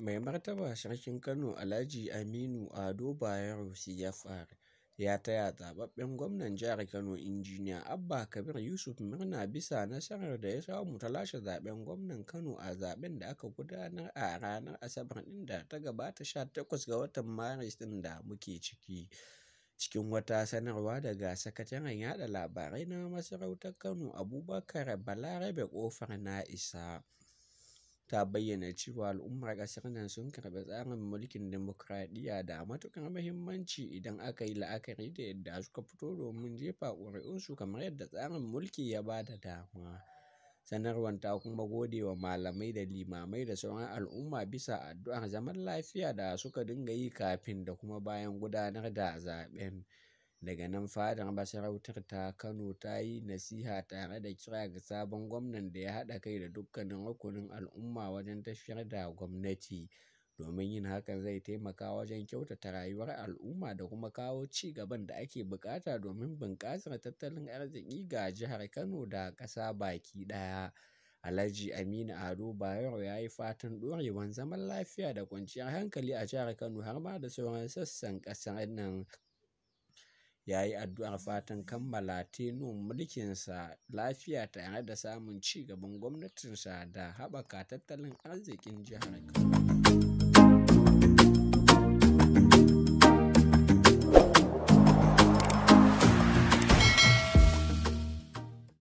Mai Martaba Sarkin Kano Alhaji Aminu Ado Bayero (CFR) ya taya zababben Gwamnan Jihar Kano Injiniya Abba Kabir Yusuf murna bisa nasarar da ya samu ta lashe zaɓen gwamnan Kano a zaɓen da aka gudanar a ranar Asabar ɗin da ta gabata 18 ga watan Maris ɗin da muke ciki. Cikin wata sanarwa daga Sakataren yada Labarai na Masarautar Kano Abubakar Balarabe Ƙofar Na'isa. ta bayyana cewa al'ummar ƙasar nan sun karɓi tsarin mulkin dimokuraɗiyya da matuƙar muhimmanci idan aka yi la'akari da yadda suka fito domin jefa ƙuri'unsu kamar yadda tsarin mulki ya ba da dama. Sanarwar ta kuma gode wa malamai da limamai da sauran al'umma bisa addu'ar zaman lafiya da suka dinga yi kafin da kuma bayan gudanar da zaɓen. Daga nan fadar masarautar ta Kano ta yi nasiha tare da kira ga sabon gwamnan da ya haɗa kai da dukkanin rukunin al'umma wajen tafiyar da gwamnati. Domin yin hakan zai taimaka wajen kyautata rayuwar al'umma da kuma kawo ci gaban da ake buƙata domin bunƙasar tattalin arziki ga jihar Kano da ƙasa baki ɗaya. Alhaji Aminu Ado Bayero ya yi fatan ɗorewan zaman lafiya da kwanciyar hankali a jihar Kano har ma da sauran sassan ƙasar nan. ya yi addu'ar fatan kammala tenurin mulkinsa lafiya tare da samun ci gaban gwamnatinsa da haɓaka tattalin arzikin jihar Kano.